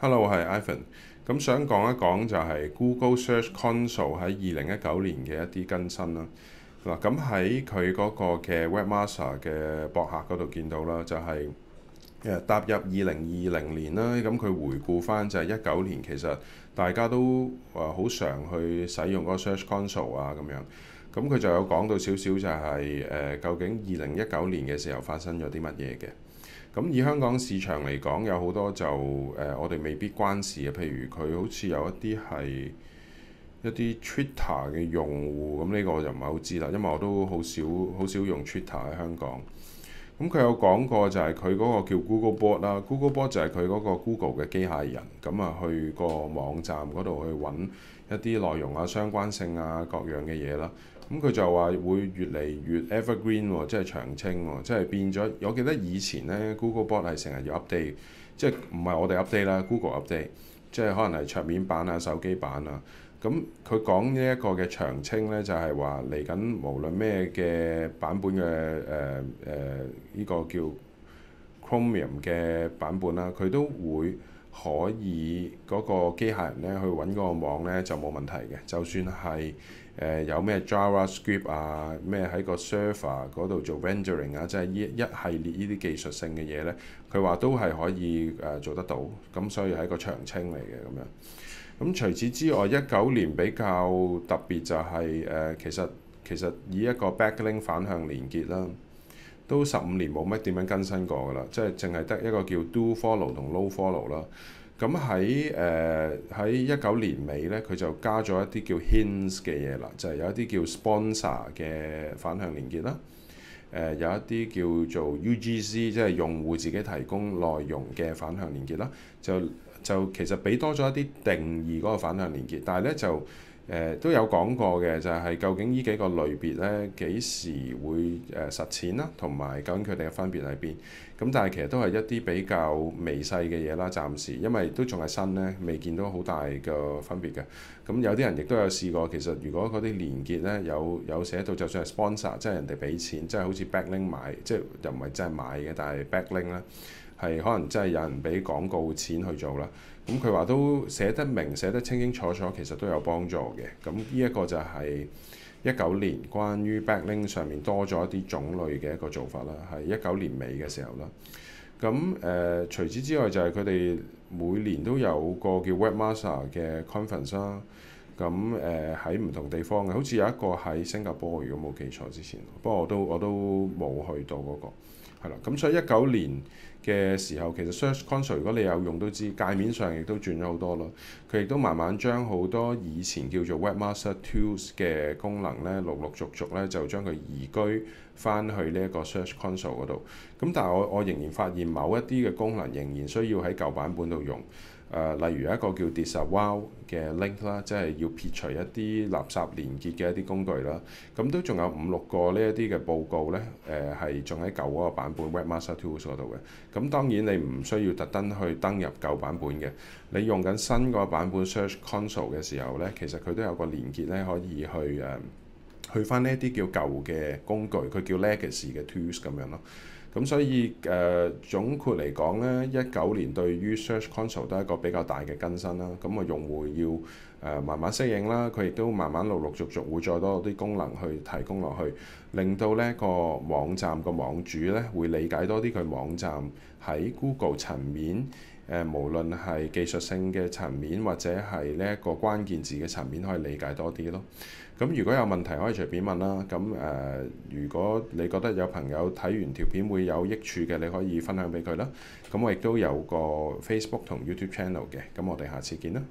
Hello，我係 Ivan。咁想講一講就係 Google Search Console 喺二零一九年嘅一啲更新啦。嗱，咁喺佢嗰個嘅 Webmaster 嘅博客嗰度見到啦，就係誒踏入二零二零年啦。咁佢回顧翻就係一九年，其實大家都誒好常去使用嗰個 Search Console 啊咁樣。咁佢就有講到少少就係誒究竟二零一九年嘅時候發生咗啲乜嘢嘅。咁以香港市場嚟講，有好多就誒、呃，我哋未必關事嘅。譬如佢好似有一啲係一啲 Twitter 嘅用戶，咁呢個我就唔係好知啦，因為我都好少好少用 Twitter 喺香港。咁佢、嗯、有講過就係佢嗰個叫 Google Bot, Google Bot 啦，Google Bot 就係佢嗰個 Google 嘅機械人，咁、嗯、啊去個網站嗰度去揾一啲內容啊、相關性啊各樣嘅嘢啦。咁、嗯、佢就話會越嚟越 Evergreen 喎、啊，即係長青喎、啊，即係變咗。我記得以前呢 Google Bot 係成日要 update，即係唔係我哋 update 啦，Google update，即係可能係桌面版啊、手機版啊。咁佢講呢一個嘅長青咧，就係話嚟緊無論咩嘅版本嘅誒誒呢個叫 Chromium 嘅版本啦，佢都會可以嗰個機械人咧去揾嗰個網咧就冇問題嘅。就算係誒、呃、有咩 JavaScript 啊，咩喺個 server 度做 rendering 啊，即係一一系列呢啲技術性嘅嘢咧，佢話都係可以誒做得到。咁所以係一個長青嚟嘅咁樣。咁除此之外，一九年比較特別就係、是、誒、呃，其實其實以一個 backlink 反向連結啦，都十五年冇乜點樣更新過㗎啦，即係淨係得一個叫 do follow 同 low follow 啦、啊。咁喺誒喺一九年尾呢，佢就加咗一啲叫 hints 嘅嘢啦，就係、是、有一啲叫 sponsor 嘅反向連結啦、呃，有一啲叫做 UGC 即係用戶自己提供內容嘅反向連結啦，就。就其實俾多咗一啲定義嗰個反向連結，但係呢就。誒都有講過嘅，就係究竟呢幾個類別呢，幾時會誒實踐啦，同埋究竟佢哋嘅分別喺邊？咁但係其實都係一啲比較微細嘅嘢啦，暫時因為都仲係新呢，未見到好大嘅分別嘅。咁有啲人亦都有試過，其實如果嗰啲連結呢，有有寫到，就算係 sponsor，即係人哋俾錢，即係好似 backlink 買，即係又唔係真係買嘅，但係 backlink 呢係可能真係有人俾廣告錢去做啦。咁佢話都寫得明、寫得清清楚楚，其實都有幫助嘅。咁呢一個就係一九年關於 backlink 上面多咗一啲種類嘅一個做法啦，係一九年尾嘅時候啦。咁誒、呃、除此之外，就係佢哋每年都有個叫 Webmaster 嘅 conference 啦。呃，咁誒喺唔同地方嘅，好似有一個喺新加坡，如果冇記錯之前。不過我都我都冇去到嗰個。係啦，咁所以一九年嘅時候，其實 Search Console 如果你有用都知，界面上亦都轉咗好多咯。佢亦都慢慢將好多以前叫做 Webmaster Tools 嘅功能咧，陸陸續續咧就將佢移居翻去呢一個 Search Console 度。咁但係我我仍然發現某一啲嘅功能仍然需要喺舊版本度用。誒、呃，例如一個叫 Disavow 嘅 link 啦，即係要撇除一啲垃圾連結嘅一啲工具啦。咁都仲有五六個呢一啲嘅報告呢，誒係仲喺舊嗰個版本 Webmaster Tools 嗰度嘅。咁當然你唔需要特登去登入舊版本嘅，你用緊新個版本 Search Console 嘅時候呢，其實佢都有個連結呢，可以去誒去返呢一啲叫舊嘅工具，佢叫 Legacy 嘅 tools 咁樣咯。咁所以誒、呃、總括嚟講咧，一九年對於 Search Console 都係一個比較大嘅更新啦。咁啊，用戶要誒、呃、慢慢適應啦，佢亦都慢慢陸陸續續會再多啲功能去提供落去，令到呢個網站個網主咧會理解多啲佢網站喺 Google 層面。誒，無論係技術性嘅層面，或者係呢一個關鍵字嘅層面，可以理解多啲咯。咁如果有問題，可以隨便問啦。咁誒、呃，如果你覺得有朋友睇完條片會有益處嘅，你可以分享俾佢啦。咁我亦都有個 Facebook 同 YouTube channel 嘅，咁我哋下次見啦。